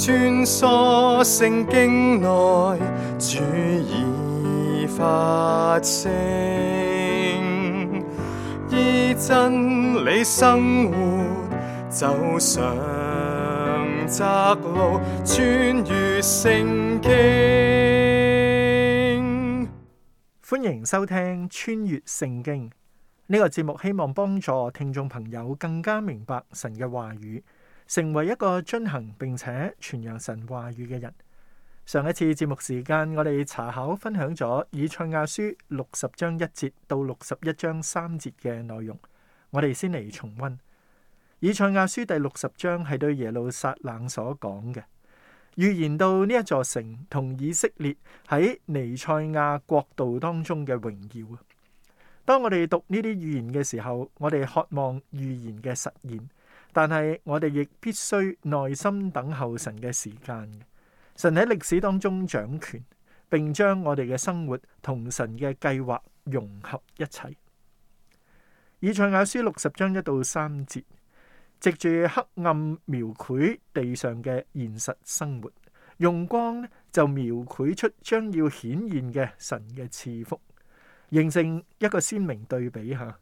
穿梭聖經內，主已發聲，依真理生活，走上窄路，穿越聖經。歡迎收聽《穿越聖經》呢個節目，希望幫助聽眾朋友更加明白神嘅話語，成為一個遵行，並且傳揚神話語嘅人。上一次節目時間，我哋查考分享咗以賽亞書六十章一節到六十一章三節嘅內容。我哋先嚟重溫。以賽亞書第六十章係對耶路撒冷所講嘅預言，到呢一座城同以色列喺彌賽亞國度當中嘅榮耀啊！當我哋讀呢啲預言嘅時候，我哋渴望預言嘅實現。但係我哋亦必須耐心等候神嘅時間。神喺歷史當中掌權，並將我哋嘅生活同神嘅計劃融合一齊。以賽亞書六十章一到三節，藉住黑暗描繪地上嘅現實生活，用光就描繪出將要顯現嘅神嘅賜福，形成一個鮮明對比。吓，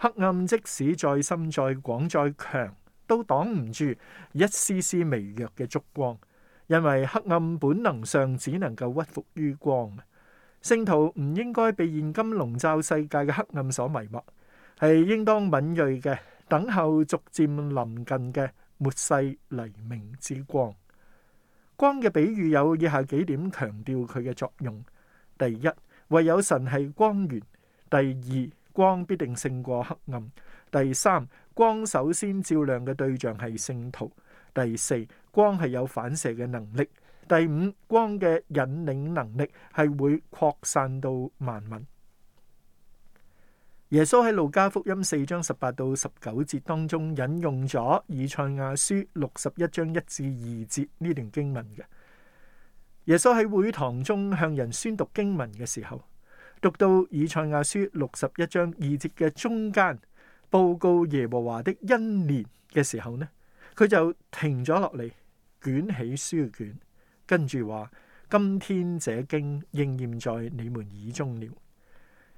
黑暗即使再深，再廣，再強。都擋唔住一絲絲微弱嘅燭光，因為黑暗本能上只能夠屈服於光。聖徒唔應該被現今籠罩世界嘅黑暗所迷惑，係應當敏銳嘅等候逐漸臨近嘅末世黎明之光。光嘅比喻有以下幾點強調佢嘅作用：第一，唯有神係光源；第二，光必定勝過黑暗；第三。光首先照亮嘅對象係聖徒。第四，光係有反射嘅能力。第五，光嘅引領能力係會擴散到萬民。耶穌喺路加福音四章十八到十九節當中引用咗以賽亞書六十一章一至二節呢段經文嘅。耶穌喺會堂中向人宣讀經文嘅時候，讀到以賽亞書六十一章二節嘅中間。報告耶和華的恩年嘅時候呢，佢就停咗落嚟，捲起書卷，跟住話：今天這經應驗在你們耳中了。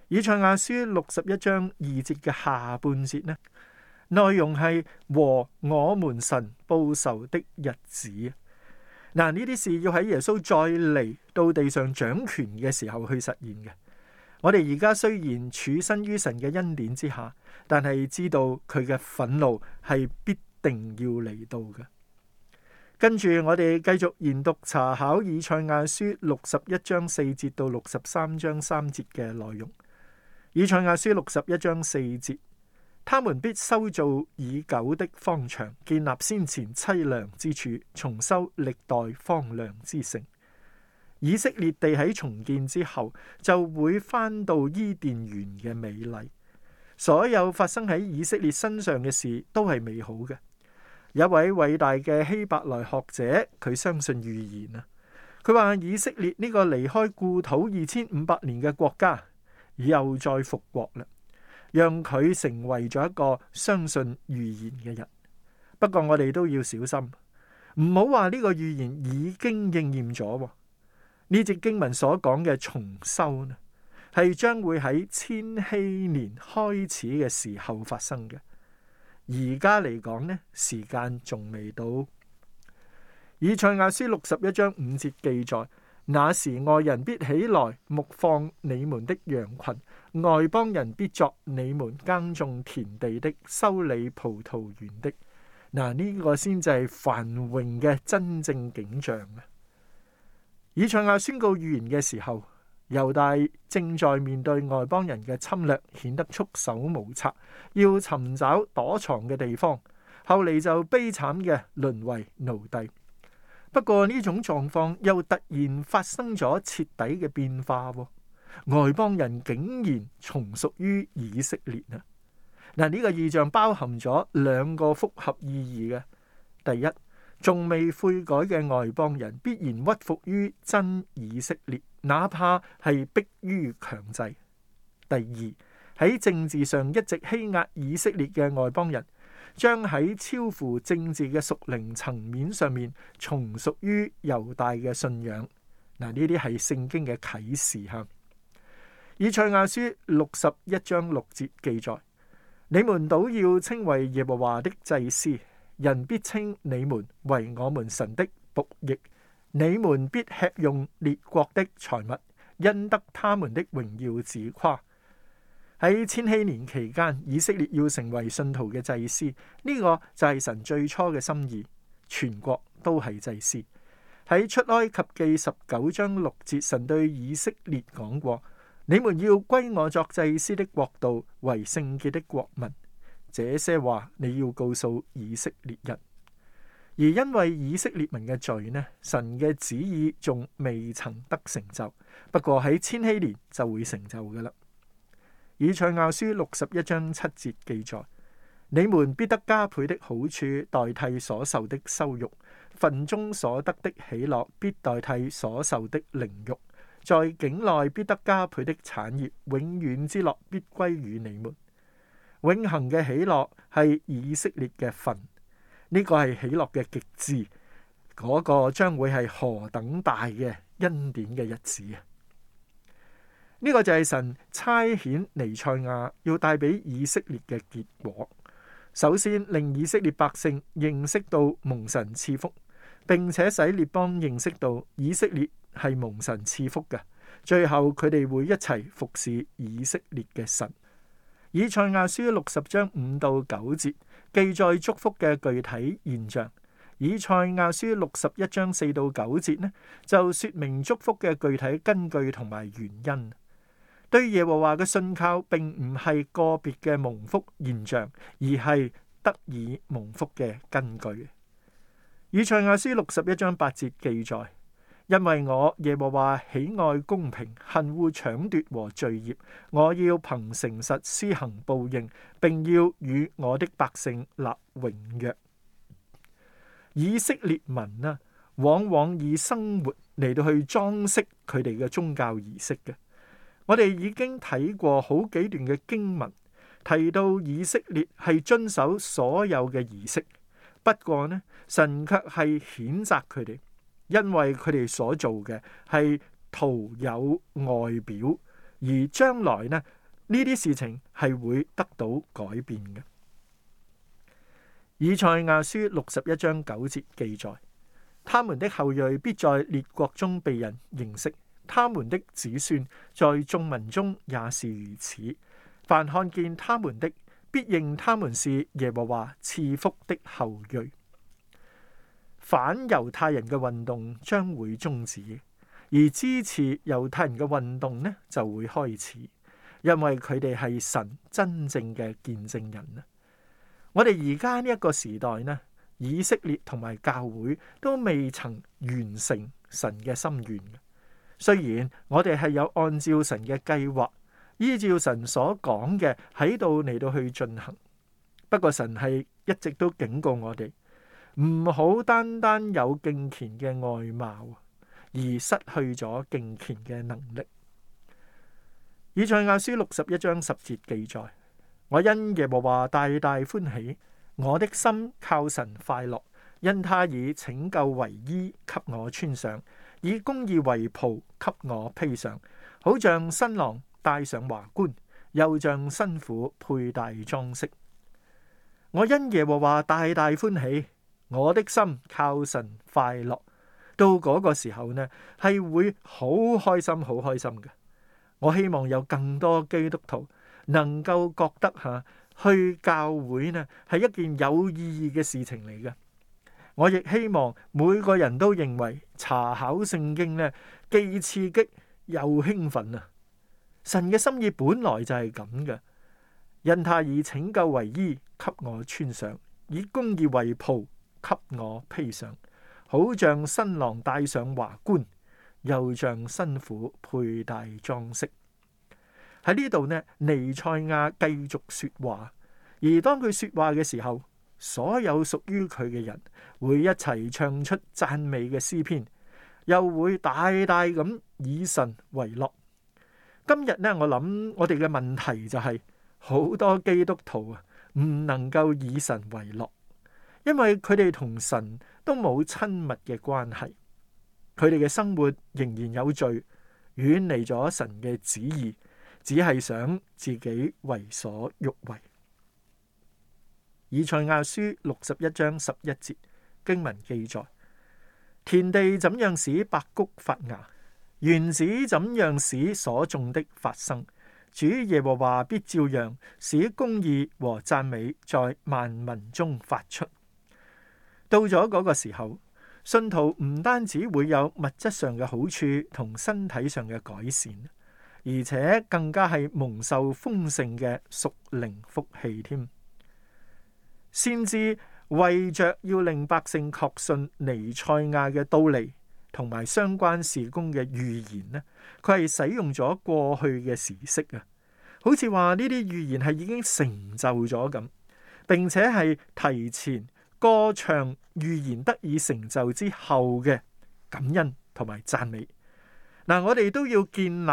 以賽亞書六十一章二節嘅下半節呢，內容係和我們神報仇的日子。嗱，呢啲事要喺耶穌再嚟到地上掌權嘅時候去實現嘅。我哋而家雖然處身於神嘅恩典之下，但係知道佢嘅憤怒係必定要嚟到嘅。跟住我哋繼續研讀查考以賽亞書六十一章四節到六十三章三節嘅內容。以賽亞書六十一章四節：他們必修造已久的荒場，建立先前淒涼之處，重修歷代荒涼之城。以色列地喺重建之後就會翻到伊甸園嘅美麗。所有發生喺以色列身上嘅事都係美好嘅。有一位偉大嘅希伯來學者，佢相信預言啊。佢話以色列呢個離開故土二千五百年嘅國家又再復國啦，讓佢成為咗一個相信預言嘅人。不過我哋都要小心，唔好話呢個預言已經應驗咗。呢節經文所講嘅重修呢，係將會喺千禧年開始嘅時候發生嘅。而家嚟講呢，時間仲未到。以賽亞書六十一章五節記載，那時外人必起來牧放你們的羊群，外邦人必作你們耕種田地的、修理葡萄園的。嗱，呢、這個先至係繁榮嘅真正景象。以賽亞宣告預言嘅時候，猶大正在面對外邦人嘅侵略，顯得束手無策，要尋找躲藏嘅地方。後嚟就悲慘嘅淪為奴隸。不過呢種狀況又突然發生咗徹底嘅變化，外邦人竟然從屬於以色列啊！嗱，呢個異象包含咗兩個複合意義嘅，第一。仲未悔改嘅外邦人必然屈服於真以色列，哪怕係迫於強制。第二，喺政治上一直欺壓以色列嘅外邦人，將喺超乎政治嘅屬靈層面上面從屬於猶大嘅信仰。嗱，呢啲係聖經嘅啟示吓。以賽亞書六十一章六節記載：你們倒要稱為耶和華的祭司。人必稱你們為我們神的僕役，你們必吃用列國的財物，因得他們的榮耀自誇。喺千禧年期間，以色列要成為信徒嘅祭司，呢、這個就係神最初嘅心意。全國都係祭司。喺出埃及記十九章六節，神對以色列講過：你們要歸我作祭司的國度，為聖潔的國民。這些話你要告訴以色列人，而因為以色列民嘅罪呢，神嘅旨意仲未曾得成就。不過喺千禧年就會成就噶啦。以賽亞書六十一章七節記載：你們必得加倍的好處，代替所受的羞辱；份中所得的喜樂，必代替所受的凌辱；在境內必得加倍的產業，永遠之樂必歸於你們。永恆嘅喜樂係以色列嘅份，呢、這個係喜樂嘅極致，嗰、這個將會係何等大嘅恩典嘅日子啊！呢、這個就係神差遣彌賽亞要帶俾以色列嘅結果。首先令以色列百姓認識到蒙神賜福，並且使列邦認識到以色列係蒙神賜福嘅。最後佢哋會一齊服侍以色列嘅神。以賽亞書六十章五到九節記載祝福嘅具體現象。以賽亞書六十一章四到九節呢，就說明祝福嘅具體根據同埋原因。對耶和華嘅信靠，並唔係個別嘅蒙福現象，而係得以蒙福嘅根據。以賽亞書六十一章八節記載。因為我耶和華喜愛公平，恨惡搶奪和罪孽，我要憑誠實施行報應，並要與我的百姓立永約。以色列民啊，往往以生活嚟到去裝飾佢哋嘅宗教儀式嘅。我哋已經睇過好幾段嘅經文，提到以色列係遵守所有嘅儀式，不過呢，神卻係譴責佢哋。因為佢哋所做嘅係徒有外表，而將來呢，呢啲事情係會得到改變嘅。以賽亞書六十一章九節記載：他們的後裔必在列國中被人認識，他們的子孫在眾民中也是如此。凡看見他們的，必認他們是耶和華賜福的後裔。反猶太人嘅運動將會終止，而支持猶太人嘅運動呢就會開始，因為佢哋係神真正嘅見證人啊！我哋而家呢一個時代呢，以色列同埋教會都未曾完成神嘅心願。雖然我哋係有按照神嘅計劃，依照神所講嘅喺度嚟到去進行，不過神係一直都警告我哋。唔好單單有敬虔嘅外貌，而失去咗敬虔嘅能力。以賽亞書六十一章十節記載：我因耶和華大大歡喜，我的心靠神快樂，因他以拯救為衣給我穿上，以公義為袍給我披上，好像新郎戴上華冠，又像新婦佩戴裝飾。我因耶和華大大歡喜。我的心靠神快樂，到嗰個時候呢，係會好開心，好開心嘅。我希望有更多基督徒能夠覺得吓去教會呢係一件有意義嘅事情嚟嘅。我亦希望每個人都認為查考聖經呢既刺激又興奮啊！神嘅心意本來就係咁嘅，因他以拯救為衣，給我穿上；以公義為袍。給我披上，好像新郎戴上華冠，又像新婦佩戴裝飾。喺呢度呢，以賽亞繼續說話，而當佢說話嘅時候，所有屬於佢嘅人會一齊唱出讚美嘅詩篇，又會大大咁以神為樂。今日呢，我諗我哋嘅問題就係、是、好多基督徒啊，唔能夠以神為樂。因為佢哋同神都冇親密嘅關係，佢哋嘅生活仍然有罪，遠離咗神嘅旨意，只係想自己為所欲為。以賽亞書六十一章十一節經文記載：田地怎樣使百穀發芽，園子怎樣使所種的發生，主耶和華必照樣使公義和讚美在萬民中發出。到咗嗰個時候，信徒唔單止會有物質上嘅好處同身體上嘅改善，而且更加係蒙受豐盛嘅屬靈福氣添。先知為着要令百姓確信彌賽亞嘅道理同埋相關事工嘅預言咧，佢係使用咗過去嘅時式啊，好似話呢啲預言係已經成就咗咁，並且係提前。歌唱預言得以成就之後嘅感恩同埋讚美嗱，我哋都要建立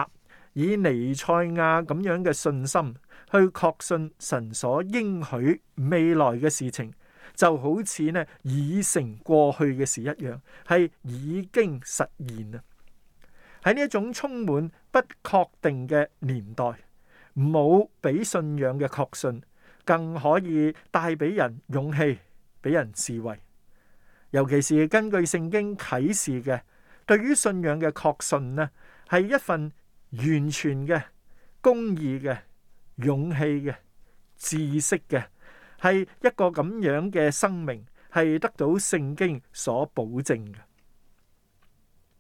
以尼賽亞咁樣嘅信心去確信神所應許未來嘅事情，就好似呢已成過去嘅事一樣，係已經實現啊！喺呢一種充滿不確定嘅年代，冇比信仰嘅確信，更可以帶俾人勇氣。俾人侍衛，尤其是根據聖經啟示嘅，對於信仰嘅確信呢，係一份完全嘅公義嘅勇氣嘅知識嘅，係一個咁樣嘅生命，係得到聖經所保證嘅。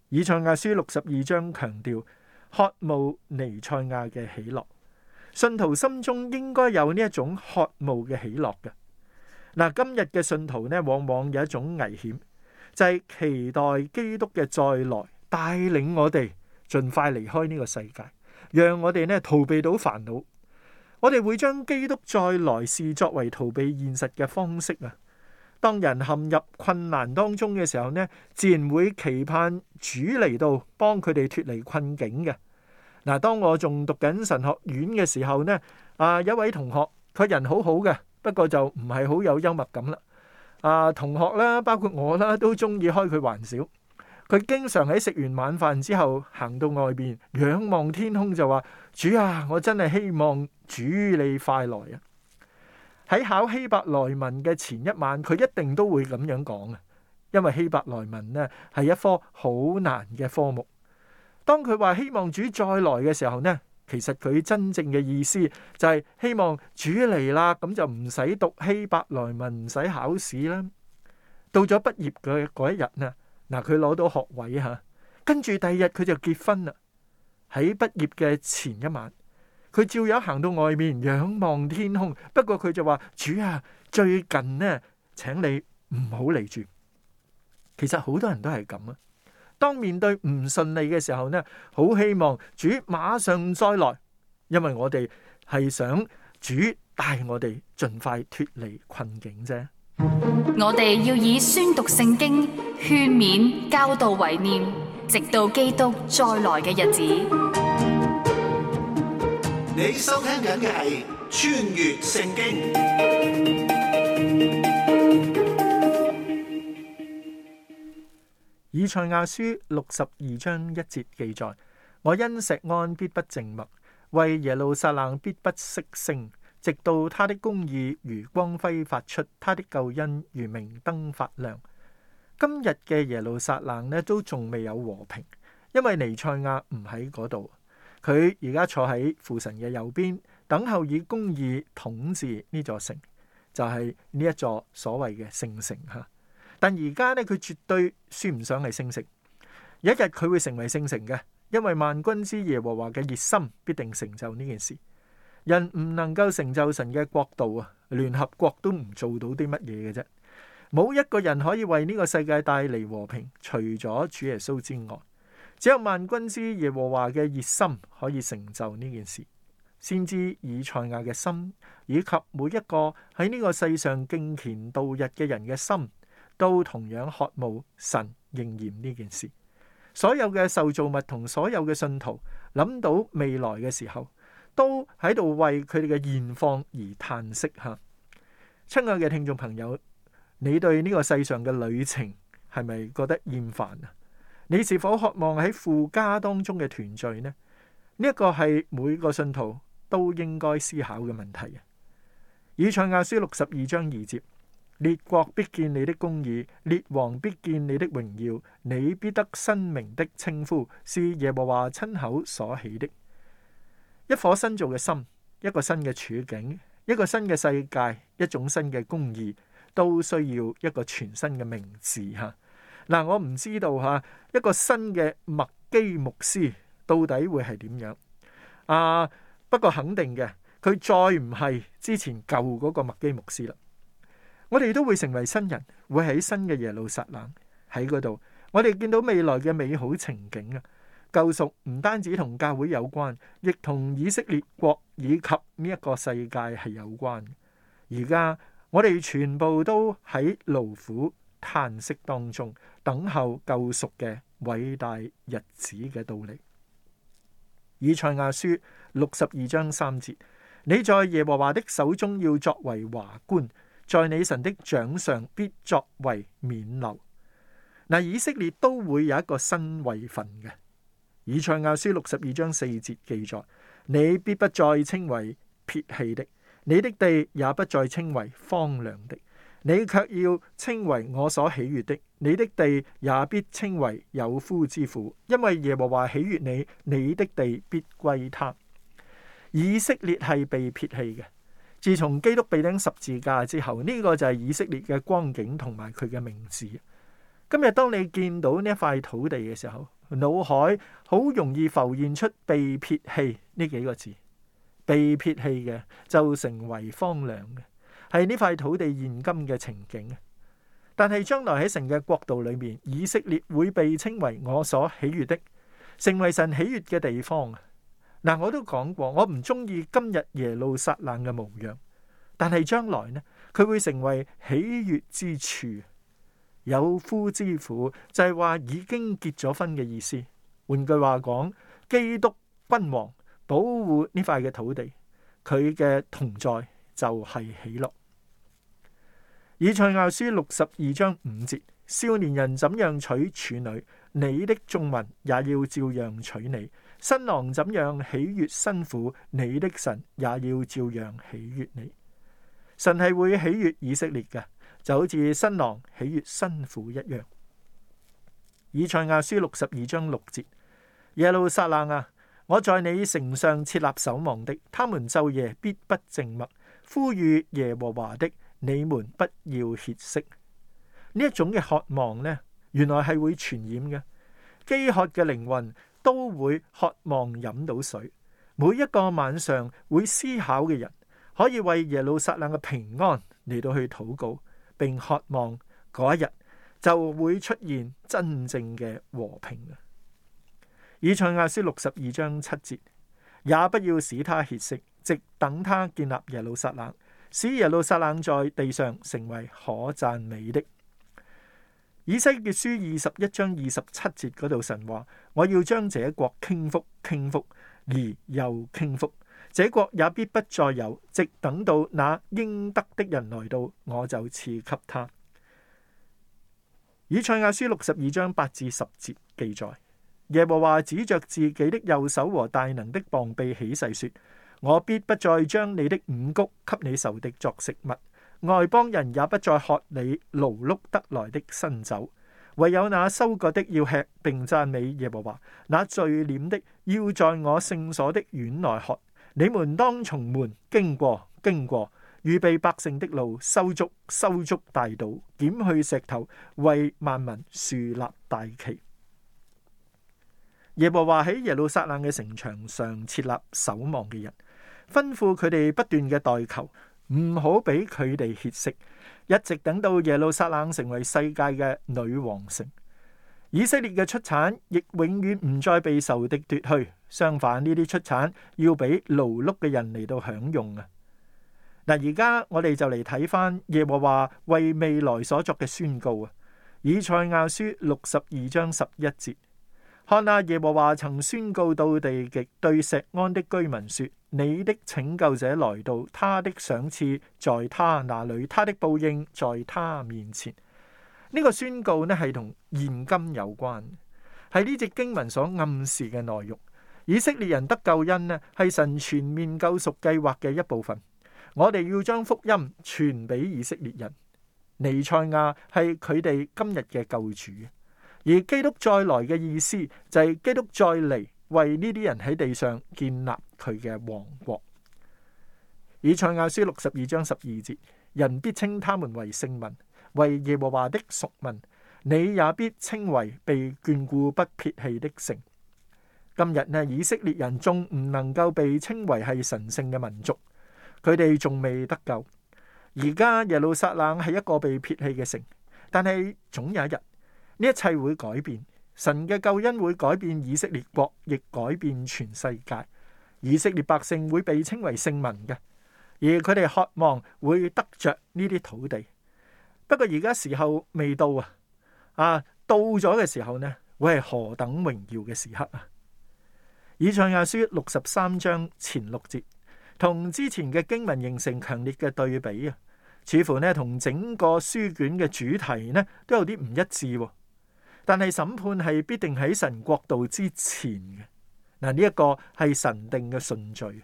以賽亞書六十二章強調渴慕彌賽亞嘅喜樂，信徒心中應該有呢一種渴慕嘅喜樂嘅。嗱，今日嘅信徒咧，往往有一種危險，就係期待基督嘅再來，帶領我哋盡快離開呢個世界，讓我哋咧逃避到煩惱。我哋會將基督再來視作為逃避現實嘅方式啊！當人陷入困難當中嘅時候咧，自然會期盼主嚟到幫佢哋脫離困境嘅。嗱，當我仲讀緊神學院嘅時候咧，啊，有位同學，佢人好好嘅。不過就唔係好有幽默感啦。啊，同學啦，包括我啦，都中意開佢玩笑。佢經常喺食完晚飯之後行到外邊仰望天空就話：主啊，我真係希望主你快來啊！喺考希伯來文嘅前一晚，佢一定都會咁樣講啊，因為希伯來文呢係一科好難嘅科目。當佢話希望主再來嘅時候呢。其實佢真正嘅意思就係希望主嚟啦，咁就唔使讀希伯來文，唔使考試啦。到咗畢業嘅嗰一日呢，嗱，佢攞到學位吓，啊，跟住第二日佢就結婚啦。喺畢業嘅前一晚，佢照樣行到外面仰望天空，不過佢就話：主啊，最近呢，請你唔好嚟住。其實好多人都係咁啊。當面對唔順利嘅時候呢，好希望主馬上再來，因為我哋係想主帶我哋盡快脫離困境啫。我哋要以宣讀聖經、勸勉、教導為念，直到基督再來嘅日子。你收聽緊嘅係《穿越聖經》。尼賽亞書六十二章一節記載：我因石安必不靜默，為耶路撒冷必不息聲，直到他的公義如光輝發出，他的救恩如明燈發亮。今日嘅耶路撒冷咧，都仲未有和平，因為尼塞亞唔喺嗰度，佢而家坐喺父神嘅右邊，等候以公義統治呢座城，就係呢一座所謂嘅聖城吓。但而家咧，佢絕對算唔上係聖城。有一日佢會成為聖城嘅，因為萬軍之耶和華嘅熱心必定成就呢件事。人唔能夠成就神嘅國度啊，聯合國都唔做到啲乜嘢嘅啫。冇一個人可以為呢個世界帶嚟和平，除咗主耶穌之外，只有萬軍之耶和華嘅熱心可以成就呢件事。先知以賽亞嘅心，以及每一個喺呢個世上敬虔度日嘅人嘅心。都同樣渴慕神應驗呢件事。所有嘅受造物同所有嘅信徒，諗到未來嘅時候，都喺度為佢哋嘅現況而嘆息嚇。親愛嘅聽眾朋友，你對呢個世上嘅旅程係咪覺得厭煩啊？你是否渴望喺父家當中嘅團聚呢？呢一個係每個信徒都應該思考嘅問題。以賽亞書六十二章二節。列國必見你的公義，列王必見你的榮耀，你必得新名的稱呼，是耶和華親口所起的。一顆新造嘅心，一個新嘅處境，一個新嘅世界，一種新嘅公義，都需要一個全新嘅名字吓。嗱、啊，我唔知道吓、啊、一個新嘅麥基牧師到底會係點樣啊？不過肯定嘅，佢再唔係之前舊嗰個麥基牧師啦。我哋都會成為新人，會喺新嘅耶路撒冷喺嗰度。我哋見到未來嘅美好情景啊！救贖唔單止同教會有關，亦同以色列國以及呢一個世界係有關。而家我哋全部都喺勞苦嘆息當中，等候救贖嘅偉大日子嘅到嚟。以賽亞書六十二章三節：「你在耶和華的手中要作為華冠。」在你神的掌上必作為冕旒。嗱，以色列都會有一個新位份嘅。以賽亞書六十二章四節記載：你必不再稱為撇棄的，你的地也不再稱為荒涼的，你卻要稱為我所喜悦的，你的地也必稱為有夫之婦，因為耶和華喜悦你，你的地必歸他。以色列係被撇棄嘅。自從基督被釘十字架之後，呢、這個就係以色列嘅光景同埋佢嘅名字。今日當你見到呢一塊土地嘅時候，腦海好容易浮現出被撇棄呢幾個字，被撇棄嘅就成為荒涼嘅，係呢塊土地現今嘅情景。但係將來喺神嘅國度裏面，以色列會被稱為我所喜悅的，成為神喜悅嘅地方。嗱，我都講過，我唔中意今日耶路撒冷嘅模樣，但係將來呢，佢會成為喜悅之處。有夫之婦就係、是、話已經結咗婚嘅意思。換句話講，基督君王保護呢塊嘅土地，佢嘅同在就係喜樂。以賽亞書六十二章五節：少年人怎樣娶處女，你的眾民也要照樣娶你。新郎怎樣喜悅新婦，你的神也要照樣喜悅你。神係會喜悅以色列嘅，就好似新郎喜悅新婦一樣。以賽亞書六十二章六節：耶路撒冷啊，我在你城上設立守望的，他們晝夜必不靜默，呼籲耶和華的，你們不要歇息。呢一種嘅渴望呢，原來係會傳染嘅，飢渴嘅靈魂。都會渴望飲到水，每一個晚上會思考嘅人，可以為耶路撒冷嘅平安嚟到去禱告，並渴望嗰一日就會出現真正嘅和平。以賽亞書六十二章七節，也不要使他歇息，直等他建立耶路撒冷，使耶路撒冷在地上成為可讚美的。以西結書二十一章二十七節嗰度神話，我要將這國傾覆，傾覆而又傾覆，這國也必不再有。直等到那應得的人來到，我就賜給他。以賽亞書六十二章八至十節記載，耶和華指着自己的右手和大能的膀臂起誓說：我必不再將你的五谷給你仇敵作食物。外邦人也不再喝你勞碌得來的新酒，唯有那收割的要吃，並讚美耶和華。那聚斂的要在我聖所的院內喝。你們當從門經過，經過預備百姓的路，修築修築大道，撿去石頭，為萬民豎立大旗。耶和華喺耶路撒冷嘅城牆上設立守望嘅人，吩咐佢哋不斷嘅代求。唔好俾佢哋歇息，一直等到耶路撒冷成為世界嘅女王城，以色列嘅出產亦永遠唔再被仇敵奪去。相反，呢啲出產要俾勞碌嘅人嚟到享用啊！嗱，而家我哋就嚟睇翻耶和華為未來所作嘅宣告啊，《以賽亞書》六十二章十一節。看啊，耶和華曾宣告到地極，對錫安的居民說：你的拯救者來到，他的賞賜在他那裏，他的報應在他面前。呢、這個宣告呢係同現今有關，係呢隻經文所暗示嘅內容。以色列人得救恩呢係神全面救贖計劃嘅一部分。我哋要將福音傳俾以色列人。尼賽亞係佢哋今日嘅救主。而基督再來嘅意思就係基督再嚟為呢啲人喺地上建立佢嘅王國。以賽亞書六十二章十二節：人必稱他們為聖民，為耶和華的屬民。你也必稱為被眷顧不撇棄的城。今日呢，以色列人仲唔能夠被稱為係神聖嘅民族，佢哋仲未得救。而家耶路撒冷係一個被撇棄嘅城，但係總有一日。呢一切會改變，神嘅救恩會改變以色列國，亦改變全世界。以色列百姓會被稱為聖民嘅，而佢哋渴望會得着呢啲土地。不過而家時候未到啊，啊到咗嘅時候呢，會係何等榮耀嘅時刻啊！以賽亞書六十三章前六節，同之前嘅經文形成強烈嘅對比啊，似乎呢同整個書卷嘅主題呢都有啲唔一致。但係審判係必定喺神國度之前嘅。嗱，呢一個係神定嘅順序。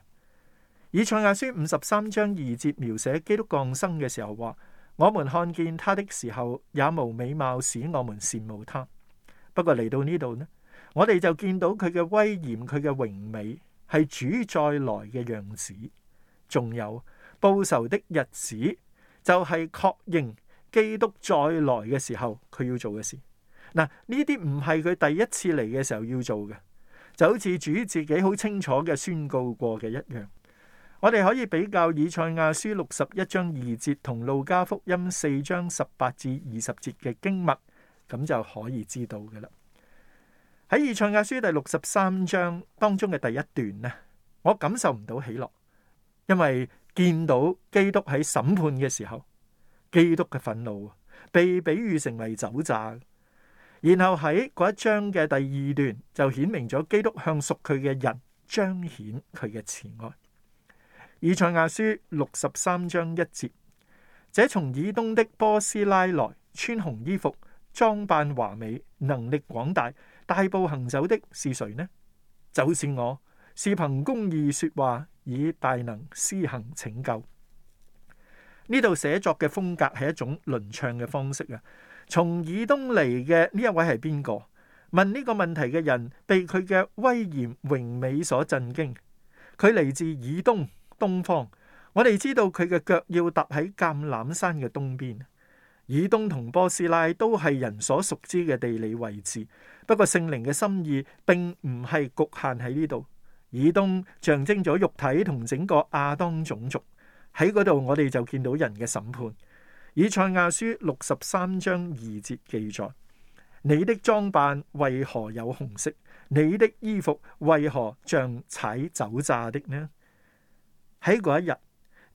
以賽亞書五十三章二節描寫基督降生嘅時候，話我們看見他的時候，也無美貌使我們羨慕他。不過嚟到呢度呢，我哋就見到佢嘅威嚴，佢嘅榮美係主再來嘅樣子。仲有報仇的日子，就係、是、確認基督再來嘅時候，佢要做嘅事。嗱，呢啲唔係佢第一次嚟嘅時候要做嘅，就好似主自己好清楚嘅宣告過嘅一樣。我哋可以比較以賽亞書六十一章二節同路加福音四章十八至二十節嘅經文，咁就可以知道嘅啦。喺以賽亞書第六十三章當中嘅第一段呢，我感受唔到喜樂，因為見到基督喺審判嘅時候，基督嘅憤怒被比喻成為酒醡。然後喺嗰一章嘅第二段就顯明咗基督向屬佢嘅人彰顯佢嘅慈愛。以賽亞書六十三章一節：這從以東的波斯拉來，穿紅衣服，裝扮華美，能力廣大，大步行走的是誰呢？就是我，是憑公義說話，以大能施行拯救。呢度寫作嘅風格係一種輪唱嘅方式啊。從以東嚟嘅呢一位係邊個？問呢個問題嘅人被佢嘅威嚴榮美所震驚。佢嚟自以東東方，我哋知道佢嘅腳要踏喺橄欖山嘅東邊。以東同波斯拉都係人所熟知嘅地理位置。不過聖靈嘅心意並唔係局限喺呢度。以東象徵咗肉體同整個亞當種族。喺嗰度，我哋就見到人嘅審判。以賽亞書六十三章二節記載：你的裝扮為何有紅色？你的衣服為何像踩酒渣的呢？喺嗰一日，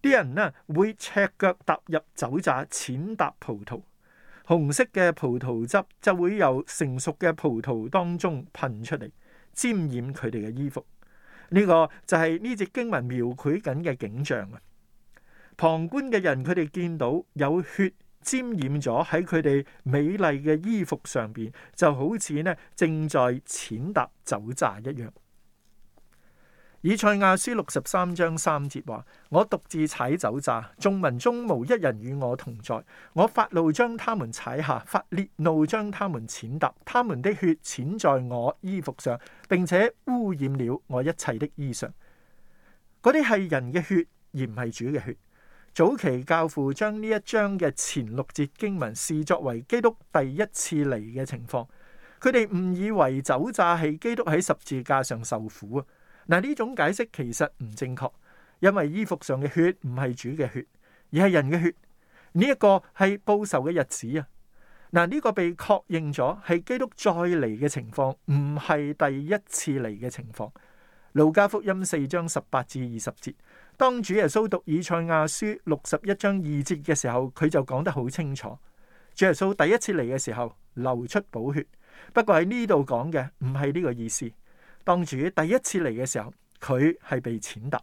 啲人呢會赤腳踏入酒渣，淺踏葡萄，紅色嘅葡萄汁就會由成熟嘅葡萄當中噴出嚟，沾染佢哋嘅衣服。呢、這個就係呢節經文描繪緊嘅景象啊！旁觀嘅人，佢哋見到有血沾染咗喺佢哋美麗嘅衣服上邊，就好似咧正在踐踏酒醡一樣。以賽亞書六十三章三節話：我獨自踩酒醡，眾民中無一人與我同在。我發怒將他們踩下，發烈怒將他們踐踏，他們的血濺在我衣服上，並且污染了我一切的衣裳。嗰啲係人嘅血，而唔係主嘅血。早期教父將呢一章嘅前六節經文視作為基督第一次嚟嘅情況，佢哋誤以為酒榨係基督喺十字架上受苦啊！嗱，呢種解釋其實唔正確，因為衣服上嘅血唔係主嘅血，而係人嘅血。呢、這、一個係報仇嘅日子啊！嗱，呢個被確認咗係基督再嚟嘅情況，唔係第一次嚟嘅情況。路加福音四章十八至二十節。當主耶穌讀以賽亞書六十一章二節嘅時候，佢就講得好清楚。主耶穌第一次嚟嘅時候流出寶血，不過喺呢度講嘅唔係呢個意思。當主第一次嚟嘅時候，佢係被踐踏，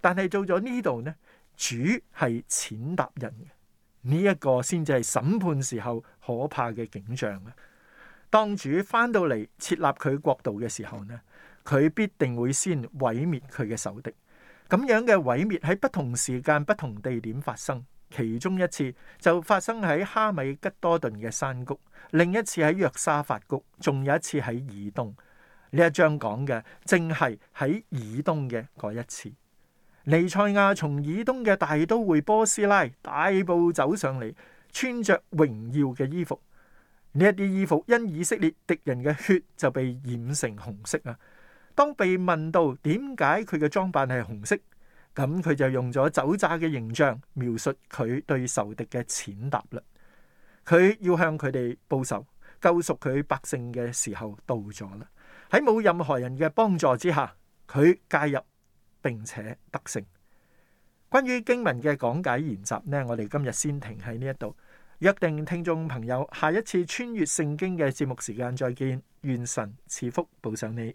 但係到咗呢度呢，主係踐踏人。呢一個先至係審判時候可怕嘅景象啊！當主翻到嚟設立佢國度嘅時候呢，佢必定會先毀滅佢嘅仇敵。咁樣嘅毀滅喺不同時間、不同地點發生，其中一次就發生喺哈米吉多頓嘅山谷，另一次喺約沙法谷，仲有一次喺以東。呢一章講嘅正係喺以東嘅嗰一次。尼賽亞從以東嘅大都會波斯拉大步走上嚟，穿着榮耀嘅衣服。呢一啲衣服因以色列敵人嘅血就被染成紅色啊！當被問到點解佢嘅裝扮係紅色，咁佢就用咗酒醡嘅形象描述佢對仇敵嘅踐踏啦。佢要向佢哋報仇，救贖佢百姓嘅時候到咗啦。喺冇任何人嘅幫助之下，佢介入並且得勝。關於經文嘅講解研習呢，我哋今日先停喺呢一度。約定聽眾朋友下一次穿越聖經嘅節目時間再見，願神賜福報上你。